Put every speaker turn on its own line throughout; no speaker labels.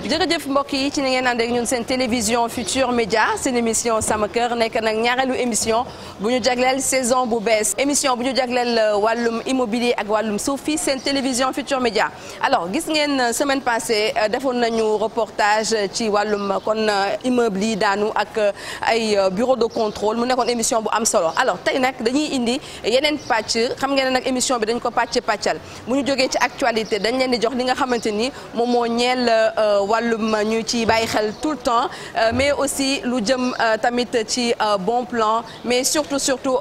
jërëjëf mbokk yi ci ni ngeen ànd ak ñun seen télévision Futur Média seen émission sama kër nekk nag ñaareelu émission bu ñu jagleel saison bu bees émission bu ñu jagleel euh, wàllum immobilier ak wàllum suuf fii seen télévision Futur Média alors gis ngeen euh, semaine passé euh, defoon nañu reportage ci wàllum kon immeuble yi daanu ak ay bureau de contrôle mu nekkoon émission bu am solo alors tey nag dañuy indi yeneen pàcc xam ngeen nag émission bi dañ ko pàcc pàccal bu ñu jógee ci actualité dañ leen di jox li nga xamante ni moom moo ñeel wàllum ñu ci bàyyi xel tout le temps euh, mais aussi lu jëm euh, tamit ci euh, bon plan mais surtout surtout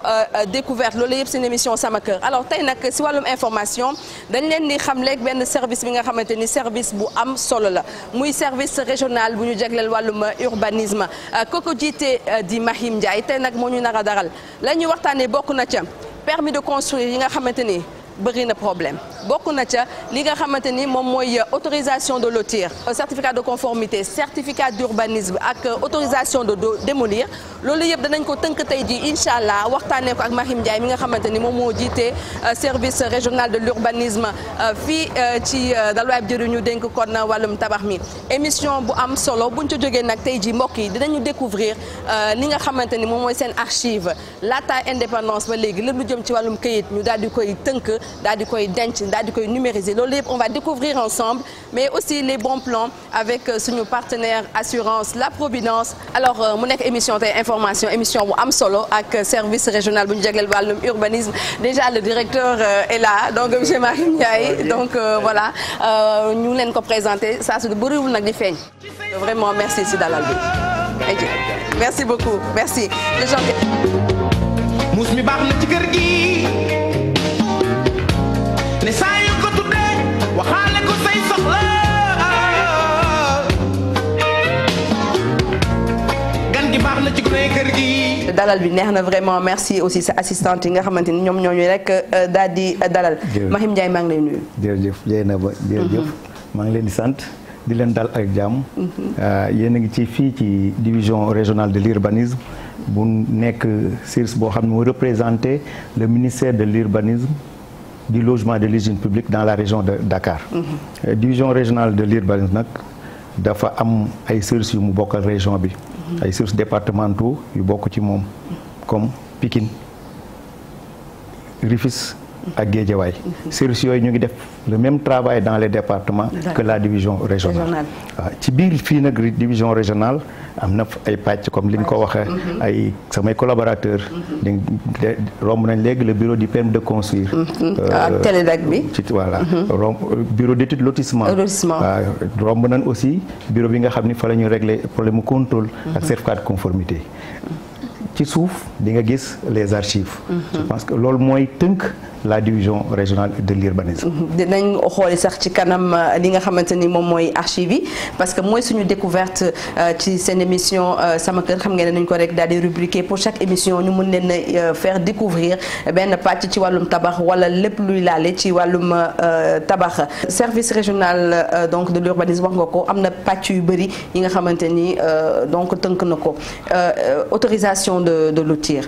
découverte loolu yëpp seen émission sama kër alors tey nag si wàllum information dañ leen di xam leeg benn service bi nga xamante ni service bu am solo la muy service régional bu ñu jagleel wàllum urbanisme kooku jiite di Mahim Ndiaye tey nag moo ñu nar a daral la ñuy waxtaanee bokk na ca permis de construire yi nga xamante ni bëri na problème bokk na ca li nga xamante ni moom mooy euh, autorisation de lotir euh, certificat de conformité certificat d'urbanisme ak euh, autorisation de démolir loolu yëpp danañ ko tënk tey jii incha allah waxtaanee ko ak Mahim Ndiaye mi nga xamante ni moom moo jiite service régional de l'urbanisme fii ci dalwaay jëriñu dénk kon wàllum tabax mi émission bu am solo buñ ca jógee nag tey jii mbokk yi dinañu découvrir ni nga xamante ni moom mooy seen archive laata indépendance ba léegi lépp lu jëm ci wàllum këyit ñu daal di koy tënk daal di koy denc daal di koy numériser loolu yëpp on va découvrir ensemble mais aussi les bons plans avec euh, suñu partenaire assurance la Providence alors euh, mu nekk émission te information émission am solo ak euh, service régional bu ñu jagleel wàllum urbanisme déjà le directeur est là donc monsieur Marie Ndiaye donc voilà ñu leen ko présenté saa su bëriwul nag di feeñ vraiment merci si dalal bi merci beaucoup merci.
mus mi ni saa ko tuddee waxaale ko say soxla gan gi baax na ci gune
kër gi dalal bi neex na vraiment merci aussi sa assistante yi nga xamante ni ñoom ñooñu rek euh, daal di euh, dalal Mahim Ndiaye maa ngi lay nuyu
jërëjëf Dieynaba jërëjëf mm-hmm. maa ngi leen di sant di leen dal ak jàmm mm-hmm. euh, yéen a ngi ci fii ci division régionale de l'urbanisme bu nekk CIRS boo xam ne mu représenté le ministère de l'urbanisme du logement de l'usine publique dans la région de Dakar. Mhm. Euh, division régionale de l'urbanisme nag dafa am ay services yu mu bokkal région bi. Mhm. ay services départementaux yu bokk ci moom. comme Pikine Rufisque ak Guédiawaye mhm. services yooyu ñu ngi def le même travail dans les départements que la division régionale waaw ci biir fii nag division régionale am na ay pàcc comme li ñu ko waxee mhm. ay samay collaborateurs mhm. di romb nañ léegi le bureau du permis de construire euh, ak Télédac bi ci voilà romb bureau d'étude lotissement waaw romb nañ aussi bureau bi nga xam ni fa la ñuy régler problème mu contrôle ak certificat de conformité ci suuf di nga gis les archives je pense que loolu mooy tënk la division régionale de l'urbanisme.
dinañ xooli sax ci kanam euh, li nga xamante ni moom mooy archive yi parce que mooy suñu découverte euh, ci seen émission euh, sama kër xam nga ne nañ ko rek daal di rubriquer pour chaque émission ñu mën leen faire découvrir benn pàcc ci wàllum tabax wala lépp luy laale ci wàllum tabax. service régional donc de l'urbanisme wax nga ko am na pàcc yu bëri yi nga xamante ni donc tënk na ko autorisation de de lotir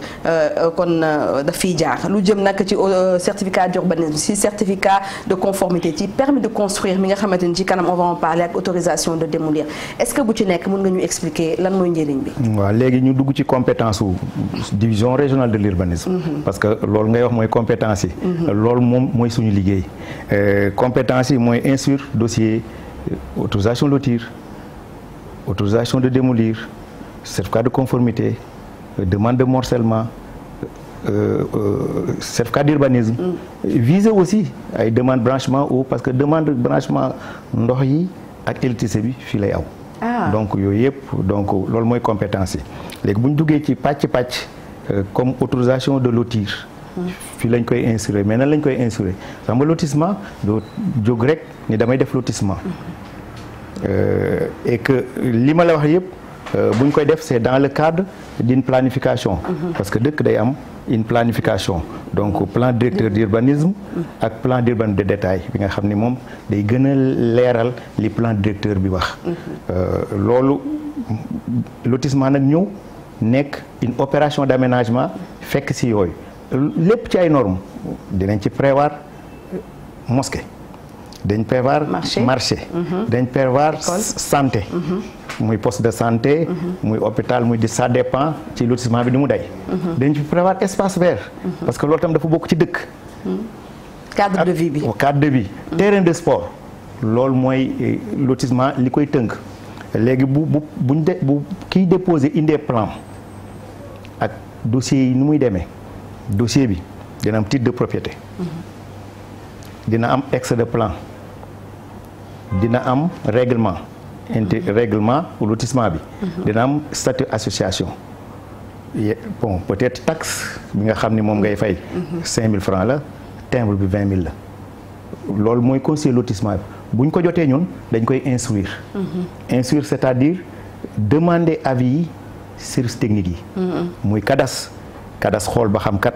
kon daf fiy jaar lu jëm certificat d'urbanisme si certificat de conformité ci permis de construire mi nga xamante ni ci kanam on va en parler ak autorisation de démolir est-ce que bu ci nekk mën nga ñu expliquer lan mooy njëriñ
léegi ñu dugg ci compétence su division régionale de l'urbanisme. Mm-hmm. parce que loolu ngay wax mooy compétence yi. Mm-hmm. loolu moom mooy suñu liggéey. Euh, compétence yi mooy instruire dossier euh, autorisation lotir autorisation de démolir certificat de conformité euh, demande de morcellement. Euh, euh, certificat d'urbanisme mm. visé aussi ay demande branchement eau parce que demande branchement ndox yi ak électricité bi fii lay aw ah. donc yooyu yëpp donc loolu mooy compétence yi léegi bu ñu duggee ci pàcc pàcc euh, comme autorisation de lotir mm. fii lañ koy insurer mais nan lañ koy insurer xam nga lotissement doo jóg rek ni damay def lotissement mm-hmm. et que li ma la wax yëpp bu ñu koy def c'est dans le cadre d'une planification mm-hmm. parce que dëkk day am une planification donc plan directeur d'urbanisme mm. ak plan d'urbanisme de détail bi nga xam ni moom day gën a leeral li plan directeur bi wax mm-hmm. euh, loolu lotissement nag ñëw nekk une opération d'aménagement fekk ci yooyu lépp ci ay normes dinañ ci prévoir mosquée dañ prévoir marché mhm. dañ prévoir santé mhm. muy poste de santé mhm. muy hôpital muy di ça dépend ci lotissement bi ni mu day dañ prévoir espace vert parce que loolu tam dafa bokk ci dëkk cadre de bi cadre de vie ah, terrain de sport loolu mooy eh, lotissement li koy tënk léegi bu bu bu kiy déposé indee plan ak dossier yi ni muy demee dossier bi dina am titre de propriété dina am excès de plan dina am réglement inti réglement lotissement bi mhm. dina am statut association bon peut-être taxe bi nga xam ni moom ngay fay mhm. cinq mille francs la timbre bi vingt mille la loolu mooy conseil lotissement bi bu ñu ko jotee ñun dañ koy instruire mhm. instruire c'est-à-dire demander avis yi service technique yi muy kadas kadas xool ba xam kat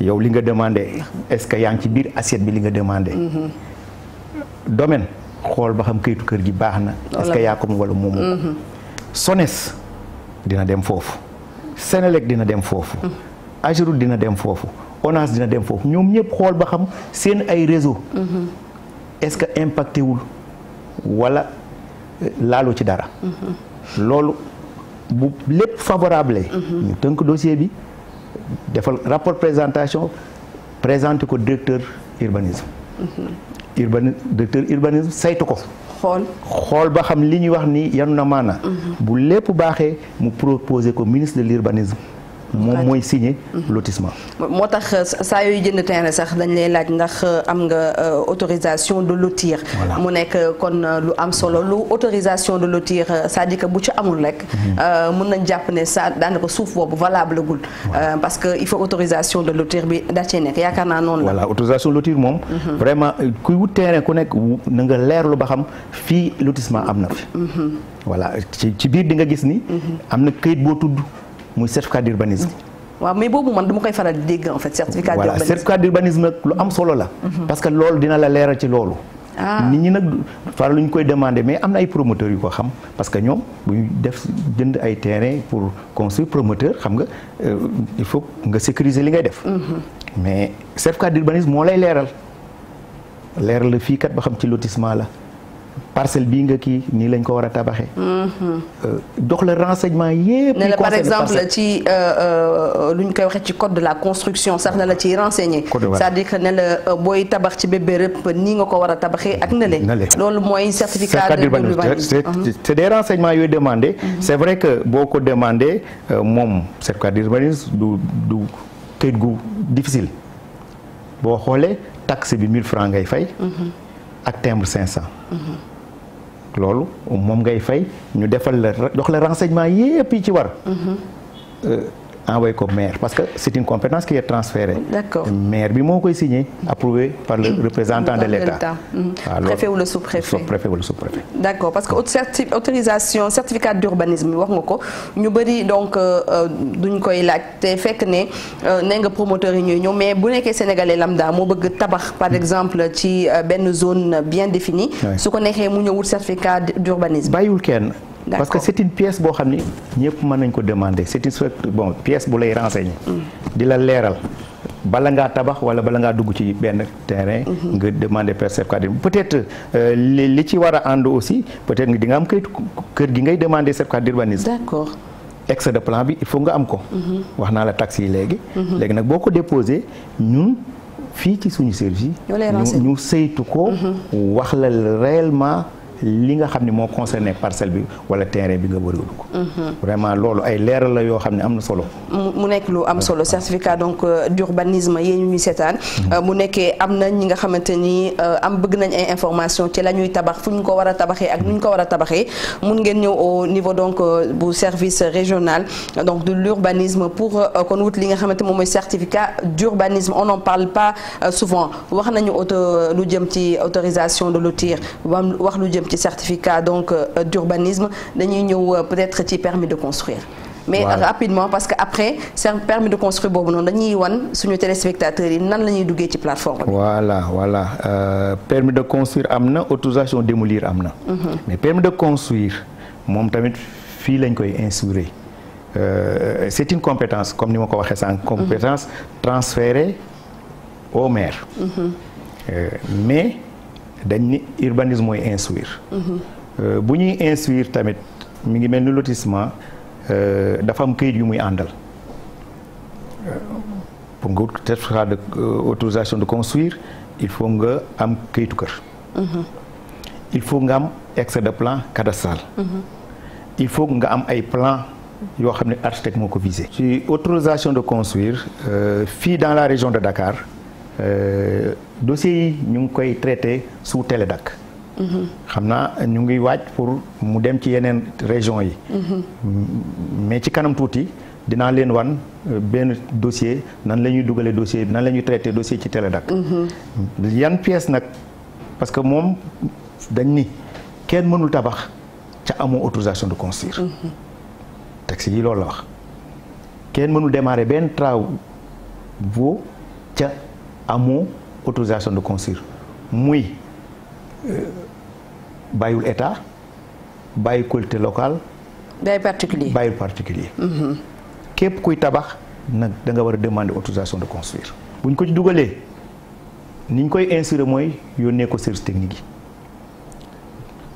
yow li nga demandé est-ce que yaa ngi ci biir assiette bi li nga demandé domaine xool ba xam kayitu kër gi baax na est-ce que yaa ko moom wala moomu ko mhm. SONES dina dem foofu Senelec dina dem foofu mhm. Ageroute dina dem foofu ONAS dina dem foofu ñoom ñëpp xool ba xam seen ay réseau mhm. est-ce que impacté wul wala euh, laalu ci dara loolu bu lépp favorable ñu tënk dossier bi defal rapport présentation présenté ko directeur urbanisme urbani directeur urbanisme saytu ko. xool xool ba xam li ñuy wax ni yanu na maana. Mhm. bu lépp baaxee mu proposé ko ministre de l'urbanisme moom mooy signé lotissement.
moo tax euh, saa yooyu jënd terrain sax dañ lay laaj ndax euh, am nga euh, autorisation de lotir mu nekk kon lu am solo lu autorisation de lotir cest à bu ci amul rek. Mhm. mun nañ jàpp ne sa daanaka suuf boobu valable gul. parce que il faut autorisation de lotir bi da cee nekk yaakaar naa noonu la. voilà
autorisation de lotir moom. Mhm. vraiment kuy wut terrain ku nekk na nga leerlu ba xam fii lotissement am na fi. Mhm. voilà ci biir di nga gis ni. am na këyit boo tudd. muy certificat d' urbanisme.
waaw mais boobu man dama koy faral di dégg en fait. certificat
d' lu am solo la. Mhm. parce que loolu dina la leeral ci loolu. Ah. nit ñi nag far lu ñu koy demandé mais am na ay promoteurs yu ko xam parce que ñoom bu ñu def jënd ay terrain pour construire promoteur xam nga euh, il faut nga sécuriser li ngay def. Mhm. mais certificat d' moo lay leeral. leeral la fii kat ba xam ci lotissement la. parcelle bii nga kii nii lañ ko war a tabaxee. jox euh, la renseignement yépp. ne la par exemple ci
euh, euh, lu ñu koy waxee ci code de la construction sax na la ciy renseigner. c'est-à-dire que ne la booy ci bébé rëpp nii nga ko war a tabaxee ak na le. loolu mooy certificat d'urbanisme mhm.
c'est des renseignements yooyu demande mhm. c'est vrai que boo ko demandé moom certificat d'urbanisme du du këyit gu difficile boo xoolee taxe bi 1000 francs ngay fay. Mhm. ak timbre 500. loolu moom ngay fay ñu defal la jox la renseignement yépp yi ci war. Mm-hmm. Euh, envoyé ko maire parce que c' est une compétence qui est transférée. d' maire bi moo koy signé approuvé par le représentant de l' état.
waaw loolu préfet
wala sous préfet préfet wala sous
parce que autorisation certificat d' wax nga ko ñu bëri donc euh, euh, duñ koy laaj te fekk ne euh, nee nga promoteur yi ñuy ñëw mais bu nekkee sénégalais lambda moo bëgg tabax par mm. exemple ci benn zone bien définie. su ko neexee mu ñëw wut certificat d'
urbanisme. bàyyiwul kenn. parce que c'est une pièce boo xam ni ñëpp mën nañ ko demander c'est une bon pièce bu lay renseigner. Mm. di la leeral bala ngaa tabax wala bala ngaa dugg ci benn terrain. Mm-hmm. nga demander certificat peut-être euh, li ci war a ànd aussi peut-être di nga am këyit kër gi ngay demander certificat d'urbanisme. d'accord. excès de plan bi il faut nga am ko. Mm-hmm. wax naa la taxes yi léegi. Mm-hmm. léegi nag boo ko déposé ñun fii ci suñu service. ñu ñu ko. wax la réellement. li nga xam ne moo concerné parcelle bi wala terrain bi nga bëri ko. vraiment loolu ay leeral la yoo xam ne am na solo.
mu nekk lu am solo certificat donc euh, d'urbanisme yee ñu ñu seetaan. Mm-hmm. Euh, mu nekkee am na ñi nga xamante ni euh, am bëgg nañ ay information ci la ñuy tabax fu ñu ko war a tabaxee ak nu ko war a tabaxee mun ngeen ñëw au niveau donc bu service régional donc de l'urbanisme pour kon wut li nga xamante moom mooy certificat d'urbanisme on n'en parle pas souvent wax nañu auto lu jëm ci autorisation de lotir wax lu jëm jëm ci certificat donc euh, d'urbanisme dañuy ñëw euh, peut-être ci permis de construire mais voilà. rapidement parce que après seen permis de construire boobu noonu dañuy wan su suñu téléspectateurs yi nan la ñuy duggee ci plateforme
bi. voilà voilà euh, permis de construire am na autorisation démolir am na. Mm -hmm. mais moom tamit fii lañ koy instaurer euh, c'est une compétence comme ni ma ko waxee sànq. compétence mhm. transférée au maire. Mm mais dañ ni urbanisme mooy
euh,
bu ñuy instruire tamit mi ngi mel ni lotissement euh, dafa am këyit yu muy àndal. Euh, pour nga wut certificat de autorisation de construire il faut nga am këyitu kër. il faut nga am excès de plan cadastral. il faut nga am ay plan yoo xam ne architecte moo ko visé. ci autorisation de construire fii dans la région de Dakar. Euh, dossiers yi ñu ngi koy traité sous dakk mm-hmm. xam naa ñu ngi waaj pour mu dem ci yeneen région yi. Mm-hmm. mais ci kanam tuuti dinaa leen wan euh, benn dossier nan la ñuy dugalee dossier nan la ñuy traité dossier ci Télédac. Mm-hmm. yan pièce nag parce que moom dañ ni kenn mënul tabax ca amoo autorisation de construire. texte yi loolu la wax kenn mënul démarrer benn travaux ca. amoo autorisation de construire muy euh, bàyyiwul état bàyyi collectivité locale. bàyyi particulier bàyyi particulier. Mm-hmm. képp kuy tabax nag danga war a demande autorisation de construire. bu ñu ko ci dugalee ni koy insurer mooy yónnee ko service technique yi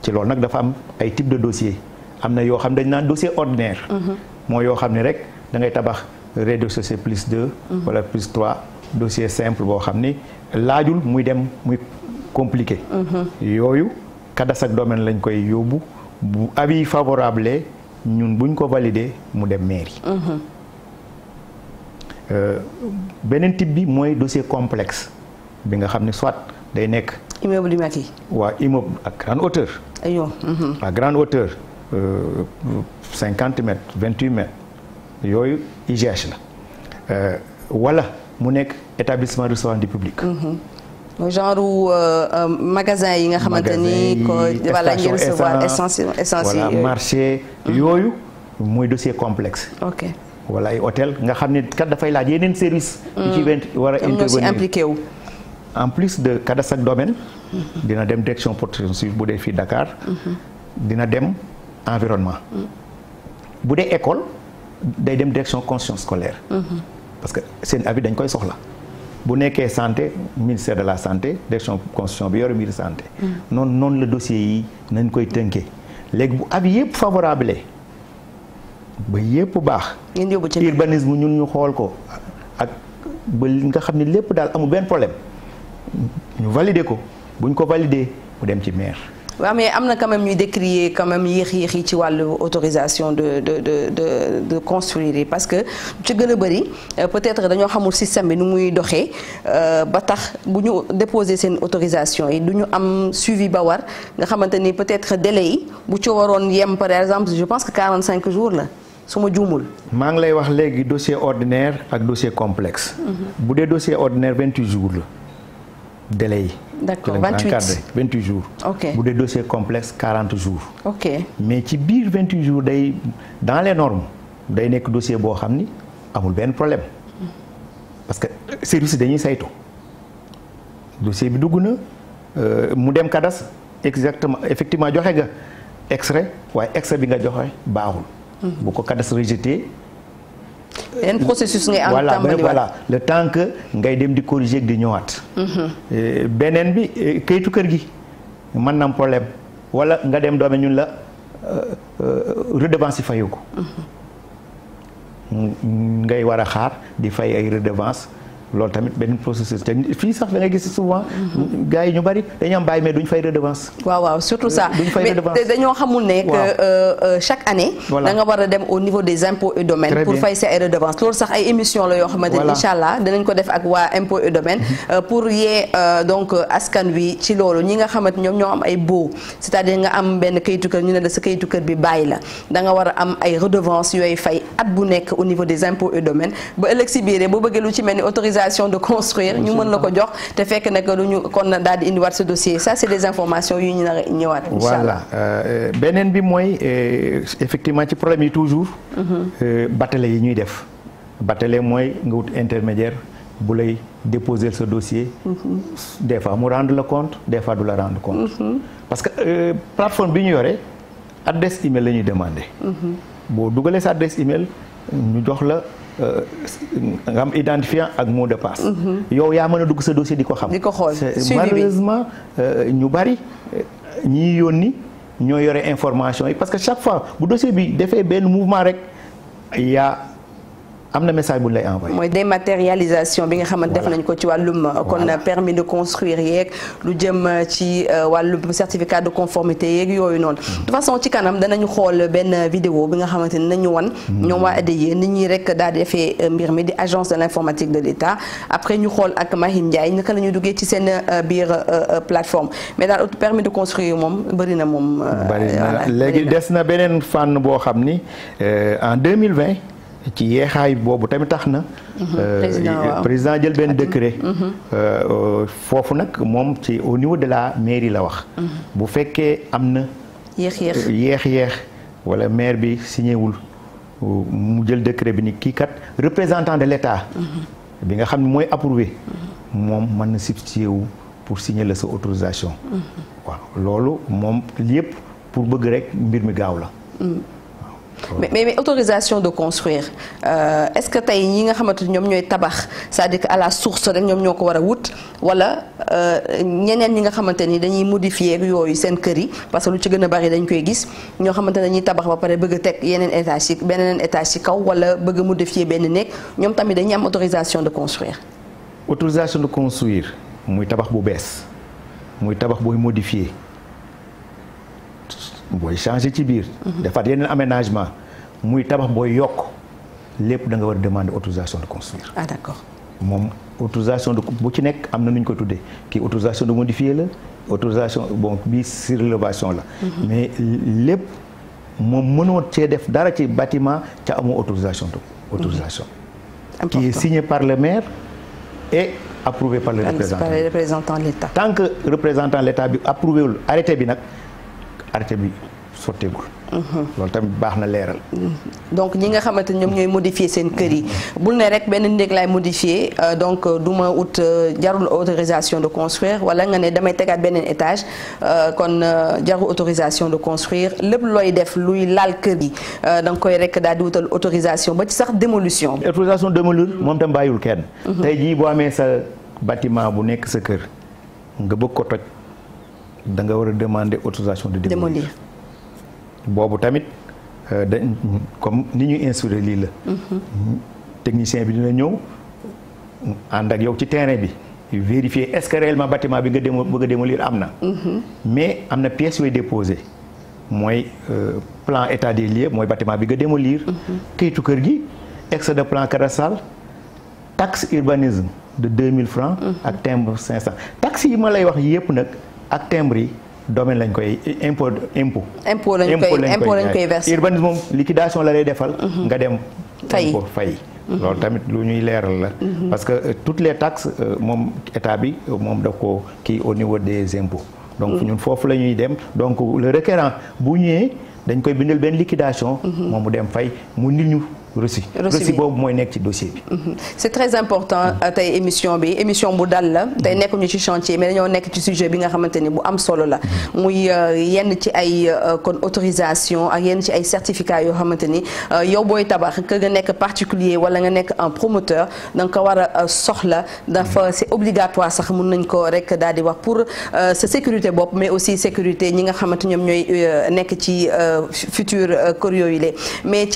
ci loolu nag dafa am ay type de dossier am na yoo xam ne dañ naa dossier ordinaire. Mm-hmm. moo yoo xam ne rek da ngay tabax rez-de-chaussée plus deux. Mm-hmm. wala plus trois. dossier simple boo xam ni laajul muy dem muy compliqué. Mhm. yooyu cadastre ak domaine lañ koy yóbbu bu avis favorable ñun buñ ko valider mu dem mairie. Mhm. Euh, beneen type bi mooy dossier complexe bi nga xam ne soit day nekk. immeuble yu yi. waa immeuble à grande hauteur. aywa. Mhm. à grande hauteur euh, cinquante mètres vingt huit mètres yooyu IGH la euh, wala. mu nekk établissement recevant du public.
genre euh, euh, magasin yi nga xamante ni. wala ñu recevoir essence essence
marché. Mhm. yooyu mooy dossier complexe. ok wala ay hôtel nga xam ne kat dafay laaj yeneen service yu ci mhm. en plus de cadastre ak domaine. Mhm. dina dem direction protection civile bu dee fii Dakar. dina dem environnement. bu dee école day dem direction conscience scolaire. parce que seen avis dañ koy soxla bu nekkee santé ministère de la santé direction constitution bi yore mbir santé mm. noonu noonu la dossier yi nañ koy tënkee léegi bu ab yëpp favorable ba yëpp baax urbanisme ñun ñu xool ko ak ba li nga xam ne lépp daal amul benn problème ñu valider ko buñ ko valider mu dem ci maire
waaw mais am na quand même ñuy décrier quand même yéex yéex yi ci wàllu autorisation de de de de de construire yi parce que ca gën a bëri euh, peut-être dañoo xamul système bi nu muy doxee euh, ba tax bu ñu déposer seen autorisation yi du ñu am suivi ba war nga xamante ni peut-être délai yi bu ci waroon yem par exemple je pense que cinq jours la.
su ma juumul. maa ngi lay wax léegi dossier ordinaire ak dossier complexe. Mm-hmm. bu dee dossier ordinaire vingt-huit jours la délai d'accord 28 28 jours. ok bu dee dossier complexe 40 jours. ok mais ci biir vingt 28 jours day dans les normes day nekk dossier boo xam ni amul benn problème parce que service dañuy saytu dossier bi dugg na euh, mu dem kadas exactement effectivement joxe nga extrait waaye extrait bi nga joxe baaxul. Mhm. bu ko kadas rejeté.
benn processus ngay am voilà voilà
le temps que ngay dem di corriger di ñëwaat. Mhm. Eh, beneen bi eh, kayitu kër gi mën na am problème wala nga dem doome ñun la eh, redevance yi fayu ko. Mhm. ngay war a xaar di fay ay redevance loolu tamit benn processus fii sax da ngay gis souvent. gars ñu bari dañu am bàyyi mais duñ fay redevance. waaw waaw surtout ça
dañoo xamul ne euh, euh, chaque année. da war a dem au niveau des impôts et domaines. pour fay ko def ak waa impôts et domaines. Mm-hmm. Euh, pour yee donc askan wi ci loolu ñi nga xamante ñoom ñoo am ay baux c'est-à-dire nga am benn kayitu kër ñu ne la sa kayitu kër bi bàyyi la da war a am ay redevance yooyu fay at bu nekk au niveau des impôts et domaines ba ëllëg si biir boo bëggee lu ci autorisation de construire ñu mën la ko jox te fekk nag lu ñu kon daal di indiwaat ce dossier ça c'est des informations yu ñu nar ñëwaat voilà
euh, beneen bi mooy euh, effectivement ci problème yi toujours mhm. euh, batale yi ñuy def batale mooy nga wut intermédiaire bu lay déposer sa dossier mhm. des fois mu rendre le compte des fois du la rendre compte mhm. parce que euh, bi ñu yore adresse email la ñuy demandé boo dugalee sa adresse email ñu jox la Euh, nga am identifiant ak mot de passe. Mhm. yow yaa mën a dugg sa dossier di ko xam. di ko xool malheureusement euh, ñu bari euh, ñiy yónni ñoo yore information yi parce que chaque fois bu dossier bi defee benn mouvement rek yaa am na message bu lay envoyé.
mooy dématérialisation bi nga xamante def nañ ko ci wàllum. Euh, kon permis de construire yeeg lu jëm euh, ci euh, wàllum certificat de conformité yeeg yooyu noonu. de façon ci kanam danañu xool benn vidéo bi nga xamante ni nañu wan. ñoom waa ADIE nit ñi rek daal di defee mbir mi di agence de l' informatique de l' après ñu xool ak Mahim Ndiaye naka la ñuy duggee ci seen biir plateforme mais daal permis de construire moom bëri na moom. léegi des
na beneen fànn boo xam ni en 2020. ci yeexaay boobu tamit tax na. Mhm. Euh, président jël benn décret. Mhm. Euh, euh, foofu nag moom ci au niveau de la mairie la wax. Mhm. bu fekkee am na. yéex yéex yéex yéex wala maire bi signewul mu jël décret bi ni kii kat représentant de l'État. bi nga xam ne mooy approuvé. moom mën na substitué wu pour signer la sa autorisation. waaw loolu moom yépp pour bëgg rek mbir mi gaaw la.
Mm. mais mais autorisation de construire euh, est-ce que tey ñi nga xamante ni ñoom ñooy tabax cest à que à la source rek ñoom ñoo ko war a wut wala euh, ñeneen ñi nga xamante ni dañuy modifier yooyu seen kër yi parce que lu ci gën a bari dañ koy gis ñoo xamante ne dañuy tabax ba pare bëgg a teg yeneen étage ci beneen étage ci kaw wala bëgg a modifier benn néeg ñoom tamit dañuy am autorisation de construire.
autorisation de construire muy tabax bu bees muy tabax buy modifier. booy changer ci biir. Mhm. defaat yeneen aménagement muy tabax booy yokk lépp da nga war a demander autorisation de construire. ah d'accord moom autorisation de bu ci nekk am na nu ñu ko tuddee kii autorisation de modifier la autorisation bon bii surélevation la. Mhm. mais lépp moom mënoo cee def dara ci bâtiment ca amoo autorisation de autorisation. Mhm. qui est signé par le maire et approuvé par le ah, représentant par le représentant l'État. tant que représentant bi approuvé wul bi nag. arrêté bi sotteegul. Mhm. loolu tamit baax na leeral. Mhm.
donc ñi nga xamante ñoom ñooy modifier seen kër yi. bul ne rek benn néeg laay modifier euh, donc euh, du ma ut euh, jarul autorisation de construire wala nga ne damay tegaat beneen étage kon jarul autorisation de construire lépp looy def luy laal kër yi da nga koy rekk daal di wutal autorisation ba ci sax démolition.
autorisation démolir moom tam bàyyiwul kenn. Mhm. tey jii boo amee sa bâtiment bu nekk sa kër nga bëgg ko toj. da nga war a demander autorisation de démolir boobu tamit euh, dañ comme ni ñuy instauré lii la mhm. technicien bi dina ñëw ànd ak yow ci terrain bi vérifier est-ce que réellement bi nga démo bëgg a démolir am na mhm. mais am na pièce yooyu déposé mooy euh, plan état des lieux mooy bâtiment bi nga démolir mhm. kayitu kër gi excès de plan cadastral taxe urbanisme de deux mille francs ak timbre 500 taxe yi ma lay wax yëpp nag ak timbre yi domaine lañ koy impôt impôt.
impôt lañ koy impôt lañ koy versé
urbanisme moom liquidation la lay defal. Mhm. nga dem fay ko fay. Mhm. loolu tamit lu ñuy leeral la. Mhm. parce que euh, toutes les taxes euh, moom état bi moom daf ko kii au niveau des impôts. donc ñun foofu la ñuy dem donc le requérant bu ñëwee dañ koy bindal benn liquidation. moom mu dem fay mu nit ñu. reçu reçu boobu mooy nekk ci dossier bi. Mhm.
c'est très important euh, tey émission bi émission bu dal la tey mhm. nekkuñu ci chantier mais dañoo nekk ci sujet bi nga xamante bu am solo la mhm. muy euh, yenn ci ay euh, kon autorisation ak yenn ci ay certificat yoo xamante ni yow booy tabax que nga nekk particulier wala nga nekk un promoteur danga ko war a soxla dafa c'est obligatoire sax mun nañ ko rek daal di wax pour sa sécurité bopp mais aussi sécurité ñi nga xamante ñoom ñooy nekk ci futur kër yooyu mais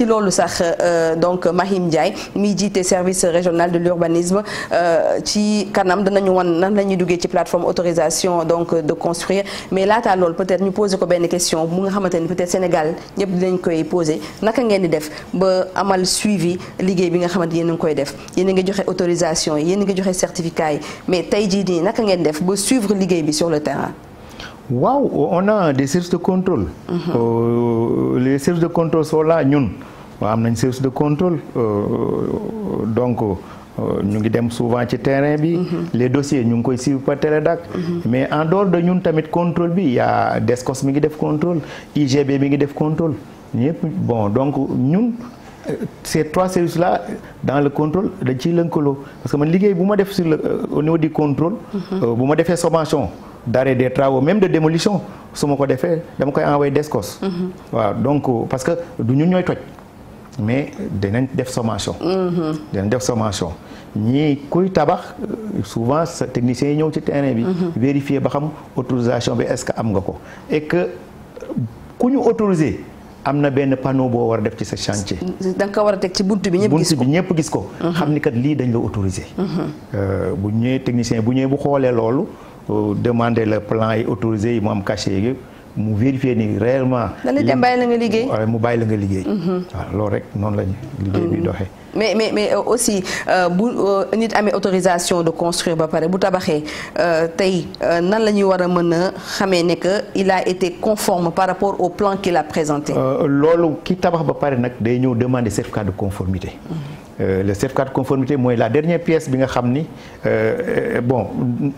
Euh, donc Mahim Ndiaye mi jiite service régional de l'urbanisme euh, ci kanam ñu wan nan la ñuy duggee ci plateforme autorisation donc de construire mais laataa lool peut-être ñu poser ko benn question mu nga xamante ni peut-être Sénégal ñëpp dinañ koy poser naka ngeen di def ba amal suivi liggéey bi nga xamante yéen a ngi koy def yéen ngi joxe autorisation yi yéen ngi joxe certificat yi mais tey jii nii naka ngeen def ba suivre liggéey bi sur le terrain.
waaw on a des services de contrôle. Mhm. Euh, am nañ service de contrôle euh, euh, donc euh, ñu ngi dem souvent ci terrain bi. Mm-hmm. les dossiers ñu ngi koy suivre par télédac. Mm-hmm. mais en dehors de ñun tamit contrôle bi y a mi ngi def contrôle IGB mi ngi def contrôle ñëpp bon donc ñun. ces trois services là dans le contrôle dañ ciy lëkkaloo parce liggéey bu ma def sur le au niveau du mm-hmm. bu ma defee sommation d'arrêt des travaux même de démolition su ma ko defee dama koy envoyer DSCOS. waaw donc parce que ñooy toj. mais danañ def sommation. danañ def sommation ñii kuy tabax souvent sa technicien yi ñëw ci terrain bi. vérifier ba xam autorisation bi est-ce que am nga ko et que ku ñu autorisé. am na benn panneau boo war a def ci sa chantier.
da nga ko war a teg ci bunt bi ñëpp gis
ko ñëpp gis ko. xam ni kat lii dañ la autorisé. Euh, bu ñëwee technicien bu ñëwee bu xoolee loolu euh, demandé la plan yi autorisé yi mu am cachet yi mu vérifier ni réellement. lan dem bàyyi la nga liggéey. mu bàyyi la nga liggéey. Mhm. loolu rek noonu lañu liggéey bi mhm. doxee.
mais mais mais euh, aussi euh, bu euh, nit amee autorisation de construire ba pare bu tabaxee tey nan la ñuy war a mën a xamee ne que il a été conforme par rapport au plan qu'il la présenté.
loolu ki tabax ba pare nag day ñëw demander certificat de conformité. Mhm. le certificat de conformité mooy la dernière pièce bi nga xam ni bon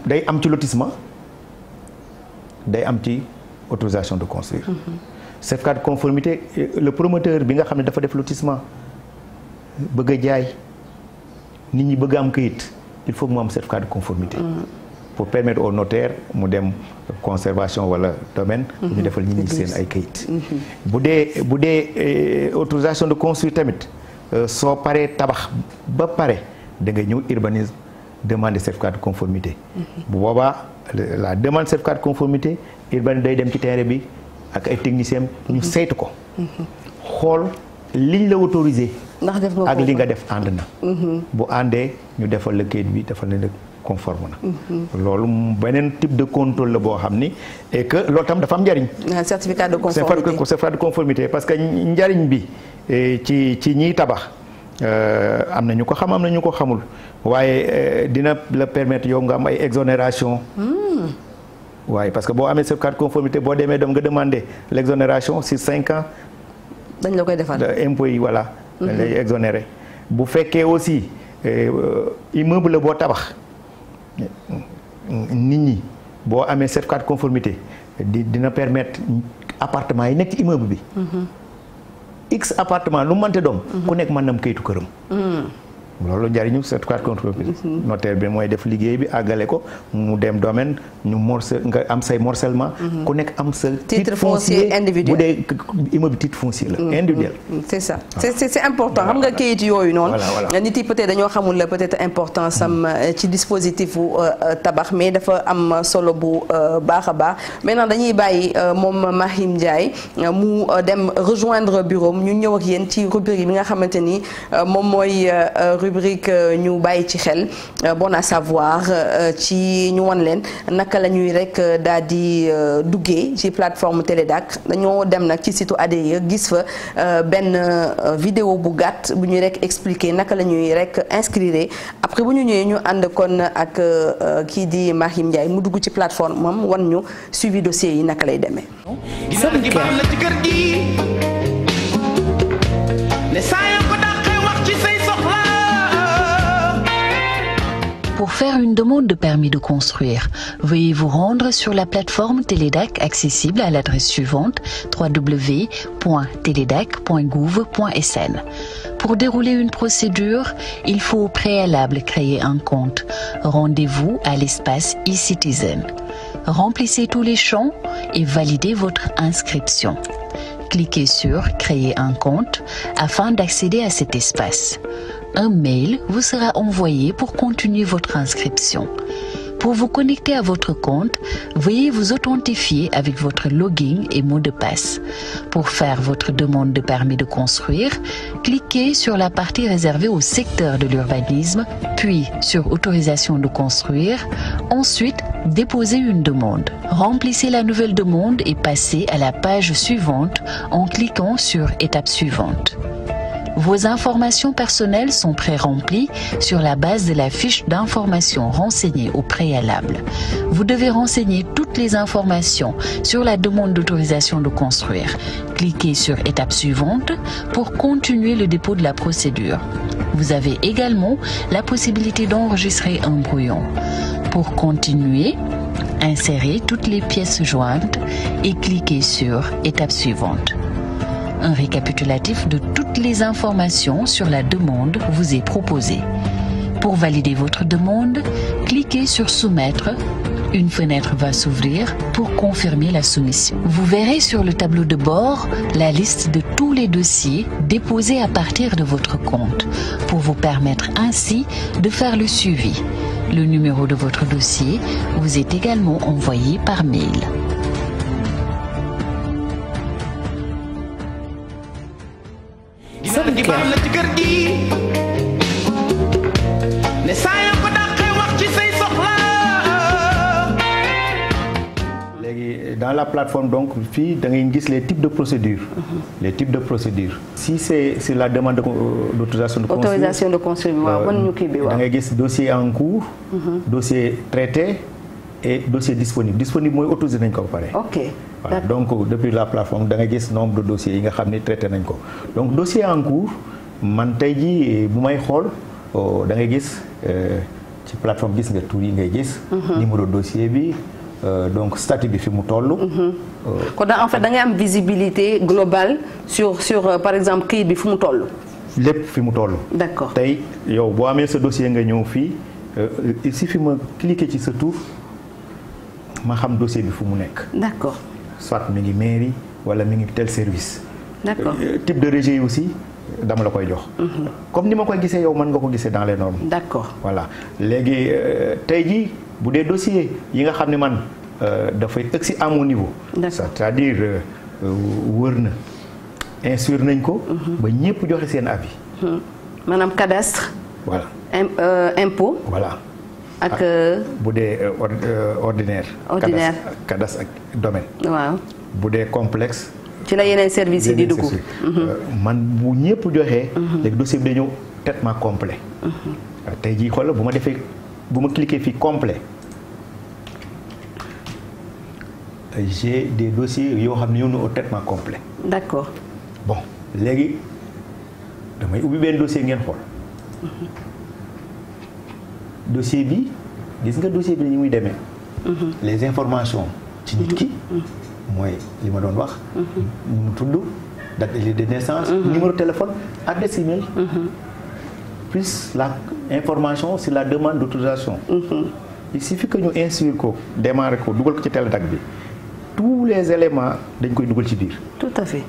day am ci lotissement day am ci. autorisation de construire. certificat de conformité euh, le promoteur bi nga xam ne dafa def lotissement bëgg a jaay nit ñi bëgg am këyit il faut moom mu am certificat de conformité. Mm. pour permettre au notaire mu dem conservation wala domaine. Mm-hmm. ñu defal ñi seen ay këyit. Mm-hmm. bu dee bu dee euh, autorisation de construire tamit euh, soo paree tabax ba pare da ñëw urbanisme demande certificat de conformité. Mm-hmm. bu boobaa la demande certificat de conformité urbaine day dem ci terrain bi ak ay technicien ñu saytu ko xool liñ la autorisé
ak li nga
def ànd na mhm. bu àndee ñu defal la kayit bi defal la conforme na
mhm.
loolu beneen type de contrôle la boo xam ni et que loolu tam dafa am njariñ ah, certificat de conformité certificat de conformité parce que njariñ bi eh, ci ci ñiy tabax euh, am na ñu ko xam am na ñu ko xamul waaye euh, dina la permettre yow nga am ay exonération hmm. waaye parce que boo amee certificat de conformité boo demee doom nga demander l' exonération cinq ans. dañ la koy defal impôt yi voilà. dañ lay mhm. exonéré bu fekkee aussi euh, immeuble la boo tabax nit ñi boo amee set de conformité di dina permettre appartement yi nekk ci immeuble bi. Mhm. x appartement lu mu mënte doom. Mhm. ku nekk mën na am kayitu këram. loolu njariñu certificat d'entreprise mhm. notaire bi mooy def liggéey bi àggale ko mu dem domaine ñu morcel nga am say morcellement mhm. ku nekk am sa titre foncier individuel bu dee immeuble titre foncier la mhm. individuel
c'est ça c'est c'est important xam nga kayit yooyu noonu nit yi peut-être dañoo xamul la peut-être importance am euh, ci dispositif bu euh, euh, tabax mais dafa am solo bu baax a baax maintenant dañuy bàyyi moom Mahim Ndiaye mu dem rejoindre bureau ñu ñëw ak yéen ci rubrique nga xamante ni moom mooy rubrique euh, ñu bàyyi ci xel euh, bon a savoir euh, ci ñu won leen naka la ñuy rek daal di duggee ci plateforme Télédac dañoo dem nag ci site ADIE gis fa benn vidéo bu gàtt bu ñuy rek expliquer naka la ñuy rek inscrire après bu ñu ñëwee ñu ànd kon ak kii di Mahim Ndiaye mu dugg ci plateforme moom wan ñu suivi dossier yi naka lay demee.
Pour faire une demande de permis de construire, veuillez vous rendre sur la plateforme Télédac accessible à l'adresse suivante www.teledac.gouv.sn. Pour dérouler une procédure, il faut au préalable créer un compte. Rendez-vous à l'espace e-citizen. Remplissez tous les champs et validez votre inscription. Cliquez sur Créer un compte afin d'accéder à cet espace. Un mail vous sera envoyé pour continuer votre inscription. Pour vous connecter à votre compte, veuillez vous authentifier avec votre login et mot de passe. Pour faire votre demande de permis de construire, cliquez sur la partie réservée au secteur de l'urbanisme, puis sur Autorisation de construire. Ensuite, déposez une demande. Remplissez la nouvelle demande et passez à la page suivante en cliquant sur Étape suivante. Vos informations personnelles sont pré-remplies sur la base de la fiche d'information renseignée au préalable. Vous devez renseigner toutes les informations sur la demande d'autorisation de construire. Cliquez sur Étape suivante pour continuer le dépôt de la procédure. Vous avez également la possibilité d'enregistrer un brouillon. Pour continuer, insérez toutes les pièces jointes et cliquez sur Étape suivante. un récapitulatif de toutes les informations sur la demande vous est proposé. Pour valider votre demande, cliquez sur Soumettre. Une fenêtre va s'ouvrir pour confirmer la soumission. Vous verrez sur le tableau de bord la liste de tous les dossiers déposés à partir de votre compte pour vous permettre ainsi de faire le suivi. Le numéro de votre dossier vous est également envoyé par mail.
clair. léegi dans la plateforme donc fii da ngay gis les types de procédures. Mhm. les types de procédure si c'est sur la demande d' euh, autorisation de construire autorisation
de construire waaw wan euh, ñu kii bi
ngay gis dossier en cours. Mhm. dossier traité et dossier disponible disponible mooy autorisé nañ ko ba pare. voilà donc depuis la plateforme da nga gis nombre de dossiers yi nga xam ni traité nañ ko donc dossier en cours man tey jii eh, bu may xool oh, da ngay gis eh, ci plateforme gis nga tur yi ngay gis. Mhm. numéro dossier bi. Euh, donc statut bi fi mu toll. Mhm. Euh,
kon en fait da ngay am visibilité globale sur sur euh, par exemple kii bi fi mu toll.
lépp fi mu toll. d'accord tey yow boo amee sa dossier nga ñëw fii euh, il suffit ma cliquer ci sa tur ma xam dossier bi fu mu nekk. soit mi ngi mairie wala mi ngi tel service. d'accord euh, type de rejet yi aussi dama la koy jox. Mhm. comme ni ma koy gisee yow mën nga ko gisee dans les normes. d'accord voilà léegi euh, tey jii bu dee dossier yi nga xam ne man euh, dafay egsi si mon niveau. c'est-à-dire wër na instruire nañ ko. Mhm. ba ñépp joxe seen avis.
Mhm. maanaam cadastre. voilà impôt.
voilà. ak euh, bu dee euh, euh, ordinaire. ordinaire kadas ak domaine. waaw bu dee complexe.
ci la yeneen service yi di dugg mhm.
man bu ñëpp joxee. Mhm. léegi dossier bi day traitement complet. Mhm. tey jii xoolal bu ma defee bu ma cliquer fii complet j'ai des dossiers yoo xam ne ñëw na au traitement complet. d'accord bon léegi damay ubbi benn dossier ngeen xool. dossier bi gis nga dossier bi ni muy demee. Mhm. les informations. ci nit ki. Mhm. Mhm. mooy li ma doon wax. mu tudd date de naissance. numéro téléphone adresse email. plus la information sur la demande d'autorisation. il suffit que ñu instruire ko démarrer ko dugal ko ci télétac bi tous les éléments dañ koy dugal ci biir. tout à fait.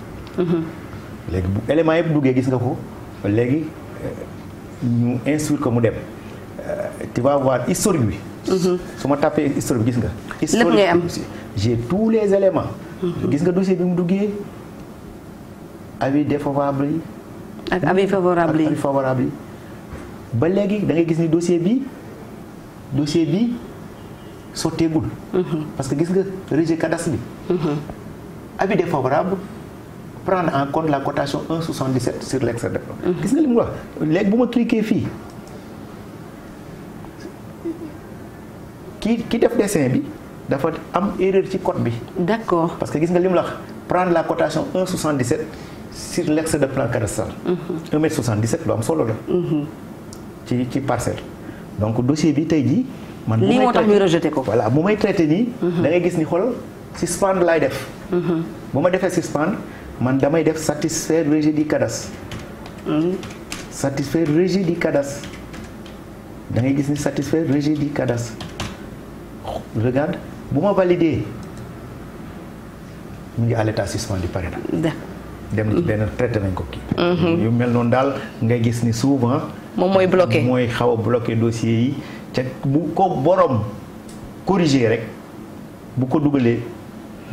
léegi bu éléments yëpp duggee gis nga ko léegi euh, ñu instruire ko mu dem euh, tu vas voir historique su ma tapé historique gis nga. lépp ngay am historique les éléments. Mhm. gis nga dossier bi mu duggee avis défavorable yi. ak avis hmm? favorable yi avis favorable ba léegi da gis ni dossier bi dossier bi sotteegul. Mhm. parce que gis nga rejet cadastre bi. Mhm. avis défavorable prendre en compte la cotation 1,77 sur l'extrait de. gis nga li mu wax léegi bu ma cliquer fii. ki ki def dessin bi dafa am erreur ci code bi. d'accord parce que gis nga li mu la wax prendre la cotation 1,77 sur l'excès de plan cadastral. 1,77 mhm. lu am solo la. Mhm. ci ci parcelle. donc dossier bi tey jii. man lii moo tax ko. voilà bu may traité nii. Mhm. da ngay gis ni xol si suspendre lay def. bu ma defee si suspendre man damay def satisfaire rejet di cadastre. satisfaire rejet du cadastre da ngay gis ni satisfaire rejet du cadastre. regarde bu ma validé mu ngi à l'état suspendu pare na. dem benn traité nañ ko kii. Mhm. yu mel noonu daal ngay gis ni souvent. moom mooy bloqué mooy xaw a bloqué yi te bu ko borom corrigé rek bu ko dugalee.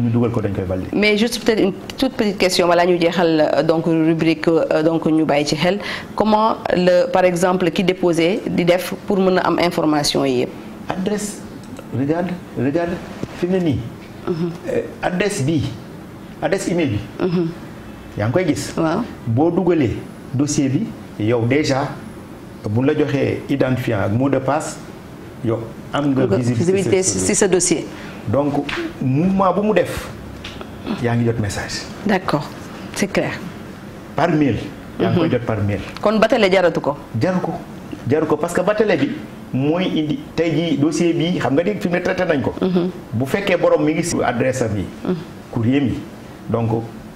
ñu dugal ko dañ koy valider.
mais juste peut une toute petite question balaa ñu jeexal euh, donc rubrique euh, donc ñu bàyyi ci xel comment le par exemple ki déposé di def pour mën a am information yi regarde regarde
fi mu ne nii. Uh-huh. bi bii adresse email bi. Uh-huh. yaa ngi koy gis. boo dugalee dossier bi yow déjà bu la joxee identifiant ak mot de passe yow am nga. visibilité ci sa dossier. donc mouvement bu mu def yaa ngi jot message. d'accord c'est clair. par mail. yaa ngi koy uh-huh. jot par mail. kon batale jaratu ko. jaru ko jaru ko parce que batale bi. mooy indi tey jii dossier bi xam nga ni fi ne traité nañ ko. Mhm. bu fekkee borom mi ngi si adresse am yi. Mhm. courrier mi donc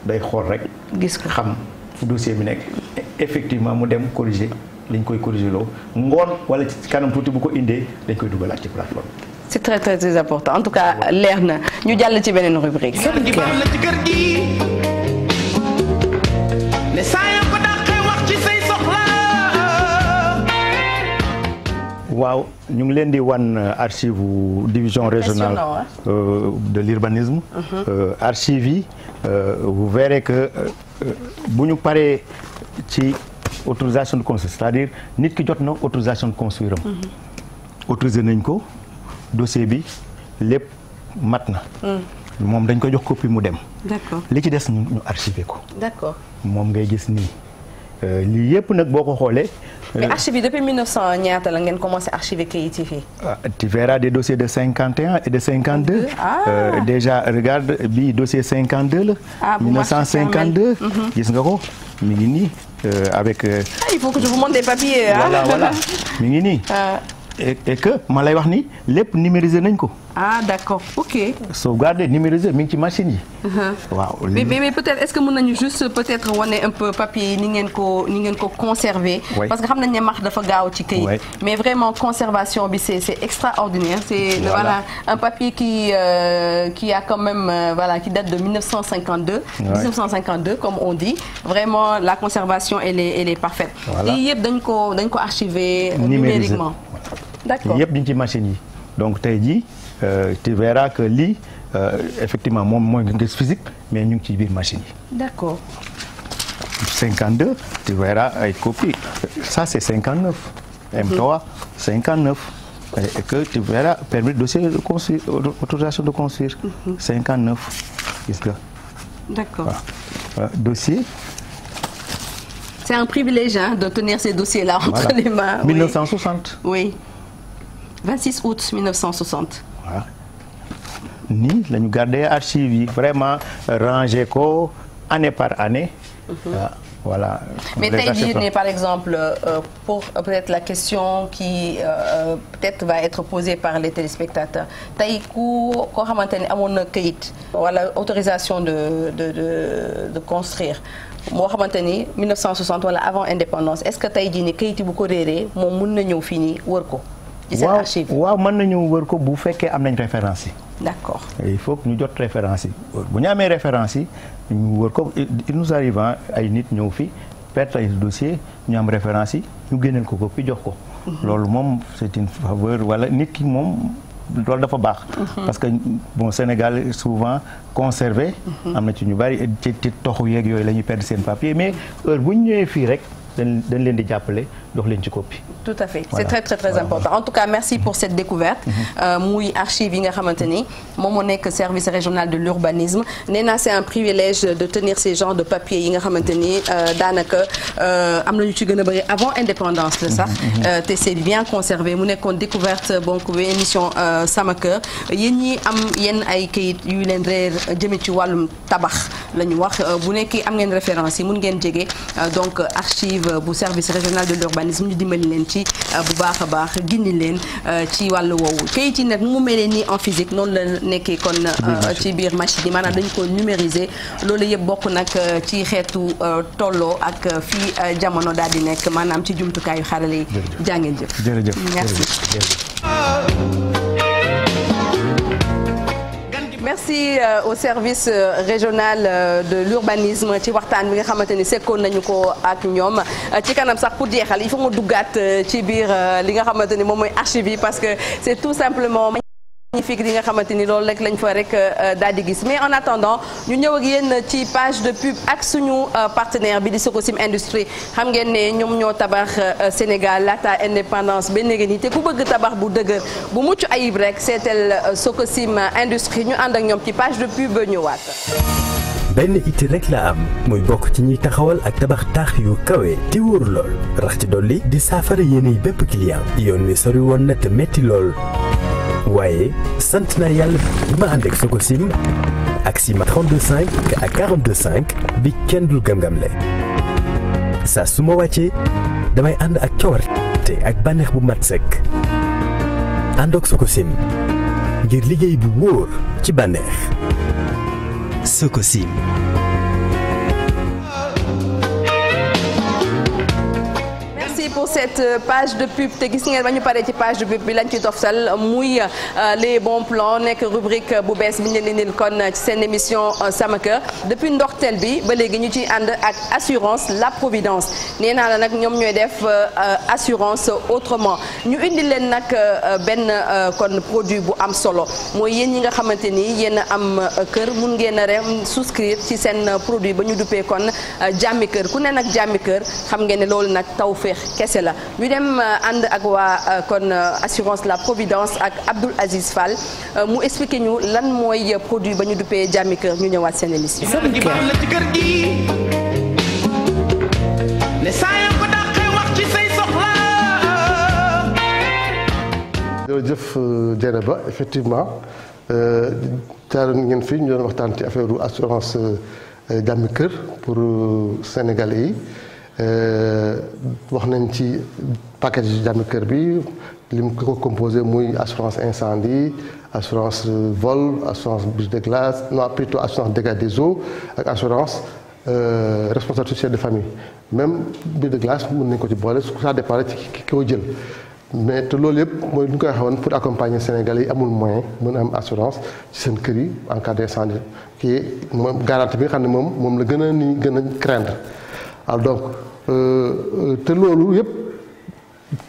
day xool rek. gis ko xam fu dossier bi nekk. effectivement mu dem corriger liñ koy corriger loo ngoon wala ci kanam tuuti bu ko indee dañ koy dugalaat ci plateforme
c'est très très important en tout cas leer na ñu jàll ci beneen rubrique.
waaw ñu ngi leen di wan euh, archive division régionale euh, de l'urbanisme mm -hmm. archive yi euh, vous verrez que bu ñu paree ci autorisation de construire c'est-à-dire nit ki jot na autorisation de construire am mhm. autorisé nañ ko dossier bi lépp mat na mm. moom dañ ko jox copie mu dem d'accord li ci des ñu archiver ko d'accord moom ngay gis nii lii yëpp nag boo ko xoolee mais
archive yi depuis 1900 ñaata la ngeen commencé archiver kayit yi fii.
Ah, tu verras de 51 et de 52. ah euh, déjà regarde bii dossier 52 la. ah 1952. Mhm. gis nga ko mi ngi nii euh, avec. Euh,
ah, il faut que je vous montre des papiers. voilà voilà
ngi nii. Ah. et que ma lay wax ni lépp numériser nañ ko. ah d'accord ok. sauvegarder numériser mi ngi ci machine yi. Uh-huh. waaw mais mais
peut-être est-ce que mën nañu peut-être wane un peu papier ni ngeen ko ni ngeen ko conserver. parce que xam nañ ne max dafa gaaw ci këyit. mais vraiment conservation bi c'est c'est extraordinaire. c'est voilà un papier qui euh, qui a quand même euh, voilà qui date de 1952. 1952 comme on dit vraiment la conservation elle est elle est parfaite. voilà lii yëpp dañ ko dañ ko archiver numériquement. d'accord yëpp
ñu ci machine yi donc tey jii euh, tu verras que lii euh, effectivement moom mooy gis physique mais ñu ngi ci biir machine yi. d'accord. 52 tu verras ay copies ça c'est 59. M3 59. que tu verras permis dossier de construire autorisation de construire. 59 mhm. gis nga. d'accord voilà. Euh, dossier.
c'est un privilège hein, de tenir ces dossiers-là entre les mains. oui. aut août 1960. waaw
nii la ñu gardé archives yi vraiment rangé ko année par année. Mhm. Ah, voilà. mais tey
par exemple euh, pour euh, peut la question qui euh, peut-être va être posée par les téléspectateurs tey ku koo xamante ni amoon na këyit. wala autorisation de de de de construire. moo xamante ni 1960 wala avant indépendance est-ce que tey jii nii këyit bu ko réeree moom
mun na ñëw fii nii wër ko. ci seen waaw waaw mën nañu wër ko bu fekkee am nañ référence yi. d'accord il faut ñu jot référence yi bu ñu amee référence yi ñu wër ko il nous arrive ay nit ñëw fi perte ay dossier ñu am référence yi ñu génneel ko ko fi jox ko. Mhm. loolu moom c'est une faveur wala nit ki moom. loolu dafa baax. Mhm. parce que bon Sénégal souvent conservé. Mhm. am na ci ñu bari ci ci toxu yeeg yooyu la ñuy perdre seen papier mais heure bu ñu ñëwee fii rek dañ dañ leen di jàppale. jox leen ci tout
à fait c'est très très important en tout cas merci pour cette découverte. Mm-hmm. Euh, muy archive yi nga xamante ni moom moo nekk service régional de l'urbanisme nee naa c'est un privilège de tenir ces genres de papiers yi nga xamante ni euh, daanaka euh, am na ñu ci gën a bëri avant indépendance la sax. Mm-hmm. te c'est bien conservé mu nekkoon découverte donc émission Sama Kër yéen ñi am yenn ay kayit yu leen reer jëme ci wàllum tabax la ñu wax bu nekki am ngeen référence yi mun ngeen jege donc organisme ñu dimbali leen ci euh, bu baax a baax gindi leen euh, ci wàll woowu kayit yi nag mu mel nii en physique noonu la nekkee kon ci biir euh, machine yi maanaam dañ ko numériser loolu yëpp bokk nag ci xeetu tolloo ak fii jamono daal di nekk maanaam ci jumtukaayu xarale yi jàngeen jëf jërëjëf merci merci euh, au service euh, régional euh, de l'urbanisme ci waxtaan bi nga xamante ni sekkoon nañu ko ak ñoom ci kanam sax pour jeexal il faut ma duggaat ci biir li nga xamante ni moom mooy archive yi parce que c'est tout simplement magnifique yi nga xamante ni loolu rek lañ fa rek euh, euh, daal di gis mais en attendant ñu ñëw ak yéen ci page de pub ak suñu euh, partenaire bi di soko sim Industrie xam ngeen ne ñoom ñoo tabax Sénégal laata indépendance ba léegi nii te ku bëgg tabax bu dëggër bu mucc ayib rek seetal Sococim Industrie ñu ànd ak ñoom ci page de pub ñëwaat.
benn itti rek la am muy bokk ci ñuy taxawal ak tabax taax yu kawe te wóor lool rax ci dolli di saafara yéenay bépp client yoon wi sori woon na te waaye sant naa yàlla bi ma ànd ak Sococim ak Sima 325 ak 425 bi kenn dul gam-gamle saa su ma wàccee damay ànd ak cawarte ak bànneex bu mat sëkk ànd ak Sococim ngir liggéey bu wóor ci bànneex Sococim
cette euh, page de pub te gis ngeen ba ñu paree ci page de pub bi lañ ci toftal muy euh, les bons plans nekk rubrique bu bees bi ñu leen indil kon ci seen émission euh, sama kër depuis ndoxteel bi ba léegi ñu ciy ànd ak assurance la providence nee naa la nag ñoom ñooy def assurance autrement ñu indi leen nag benn kon produit bu am solo mooy yéen ñi nga xamante ni yéen am kër mun ngeen a rem souscrire ci seen produit ba ñu duppee kon jàmmi kër ku ne nag jàmmi kër xam ngeen ne loolu nag tawféex kese la la ñu dem euh, ànd ak waa euh, kon euh, assurance la providence ak Abdoul Aziz Fall mu expliqué ñu lan mooy produit ba ñu duppee jàmmi kër ñu ñëwaat seen
jëf jërëjëf Dieynaba effectivement jaaroon ngeen fii ñu doon waxtaan ci affaire assurance jàmmi kër pour sénégal yi. Euh, wax nañ ci package jàmmi kër bi li mu ko composé muy assurance incendie assurance vol assurance brise de glace non plutôt assurance dégâts des eaux ak assurance euh, responsable social de famille même brise de glace mun nañ ko ci boole su ça dépend ci ki ko jël mais te loolu yëpp mooy lu ñu koy waxee woon pour accompagner Sénégalais yi amul moyen mën a am assurance ci seen kër yi en cas d'incendie kii moom garantie bi nga xam ne moom moom la gën a ni gën a craindre waaw donc euh, euh, te loolu yëpp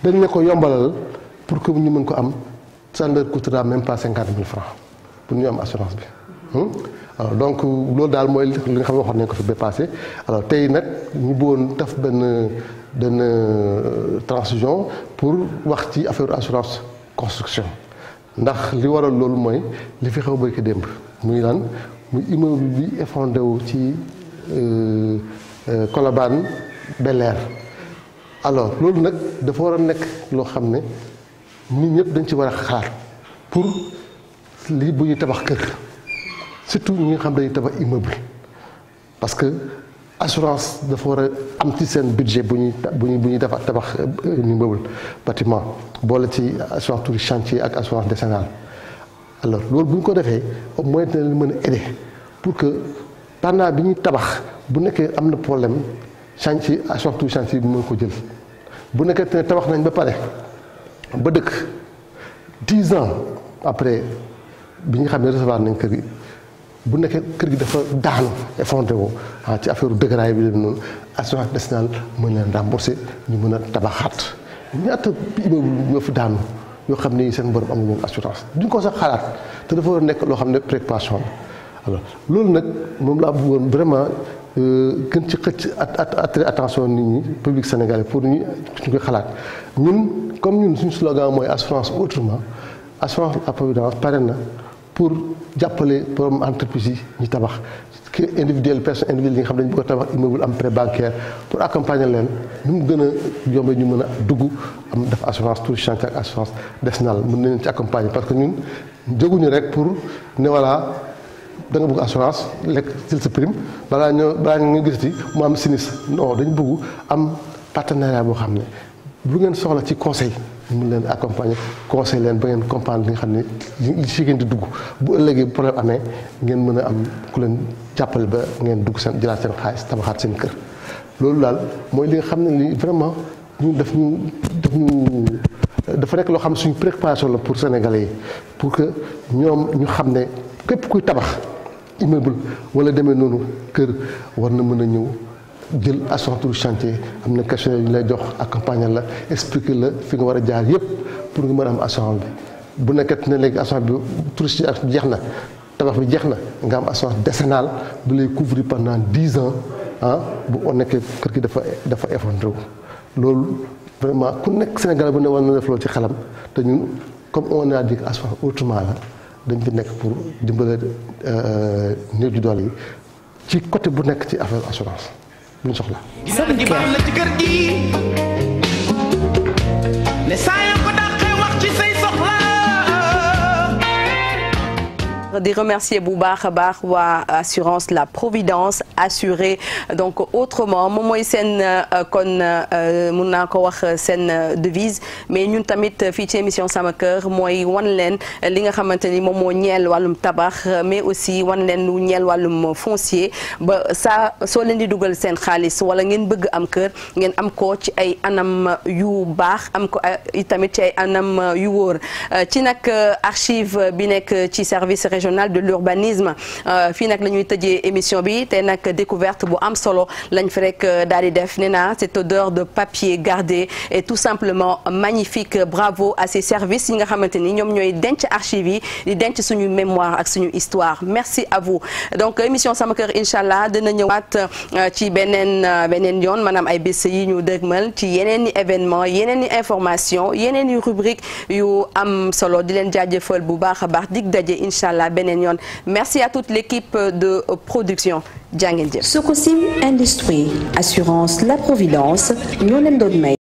dañ la ko yombalal pour que ñu mën ko am ça ne leur coûtera même pas cinquante mille francs pour ñu am assurance bi. Hmm? alors donc loolu daal mooy li nga xam ne waxoon nañ ko fi ba passé tey nag ñu bëggoon def benn benn euh, transition pour wax ci affaire assurance construction ndax li waral loolu mooy li fi xew bëgg démb muy lan muy immeuble bi effondré ci. Euh, Colobane Bel Air alors loolu nag dafa war a nekk loo xam ne nit ñëpp dañ ci war a xaar pour lii bu ñuy tabax kër surtout ñi nga xam dañuy tabax immeuble parce que assurance dafa war a am ci seen budget bu ñuy bu ñuy bu ñuy tabax tabax euh, immeuble bâtiment boole ci assurance tout chantier ak assurance décennale alors loolu bu ñu ko defee au moins dina leen mën a aider pour que. pendant bi ñuy tabax bu nekkee am na problème chantier surtout chantier bi moo ko jël bu nekkee ne tabax nañ ba pare ba dëkk dix ans après bi ñu xam ne recevoir nañ kër gi bu nekkee kër gi dafa daanu effondré woo ah ci affaire dëgëraay bi dem noonu assurance nationale mën leen rembourser ñu mën a tabaxaat ñaata immeuble ñoo fi daanu yoo xam ne seen borom amuñu assurance duñ ko sax xalaat te dafa war nekk loo xam ne préoccupation la alors loolu nag moom laa bëggoon vraiment euh, gën ci xëcc at attirer attention nit ñi public sénégalais pour ñu ñu koy xalaat ñun comme ñun suñu slogan mooy assurance autrement assurance à providence pare na pour jàppale pour entreprise yi ñu tabax que individuel personne individuelle yi nga xam ne dañu bëgg a tabax immeuble am prêt bancaire pour accompagner leen nu mu gën a yombee ñu mën a duggu am def assurance tout chanque ak assurance décennale mën nañu ci accompagner parce que ñun da bugg assurance lekk jël sa prime balaa ñoo balaa nga gisati mu am sinistre non dañu bugg am partenariat boo xam ne bu ngeen soxla ci conseil mu leen accompagner conseil leen ba ngeen comprendre li nga xam ne li ci di dugg bu ëllëgee problème amee ngeen mën a am ku leen jàppale ba ngeen dugg seen jëlaat xaalis tabaxaat seen kër loolu daal mooy li nga xam ne li vraiment ñu daf dafa nekk loo xam ne suñu préparation la pour sénégale yi pour que ñoom ñu xam ne képp kuy tabax immeuble wala demee noonu kër war na mën a ñëw jël assurance tout chantier am na question yu ñu lay jox accompagner la expliquer la fi nga war a jaar yépp pour nga mën a am assurance bi bu nekkat ne léegi assurance bi touriste jeex na tabax bi jeex na nga am assurance décennale bu lay couvrir pendant dix ans ah bu on nekkee kër gi dafa dafa effondré wu loolu vraiment ku nekk Sénégal bu ne war na def loolu ci xelam te ñu comme on a dit assurance autrement la dañ fi nekk pour dimbale euh, néew ju doole ci côté bu nekk ci affaire assurance bu ñu soxla.
Sarr di remercier bu baax a baax waa assurance la Providence assurée donc autrement moom mooy seen euh, kon euh, mun naa ko wax euh, seen devise mais ñun tamit fii ci émission Sama Kër mooy wan leen li nga xamante ni moom moo ñeel wàllum tabax mais aussi wan leen lu ñeel wàllum foncier ba saa soo leen di dugal seen xaalis wala ngeen bëgg am kër ngeen am ko ci ay anam yu baax am ko tamit ci anam yu wóor nag archive bi nekk ci service régional de l'urbanisme euh, fii nag la ñuy tëjee émission bi te nag découverte bu am solo lañ fi rek euh, daal di def nee naa odeur de papier gardé est tout simplement magnifique bravo à ces services yi nga xamante ni ñoom ñooy denc archives yi di denc suñu mémoire ak suñu histoire merci à vous donc émission sama kër incha allah dina ñëwaat euh, ci beneen beneen yoon maanaam ay bés yi ñu dëgmal ci yeneen i événement yeneen i information yeneen i rubrique yu am solo di leen jaajëfal a baax beneen yoon merci à toute l'équipe de production jàngeen jëf Sococim Industrie assurance la providence ñoo leen doon may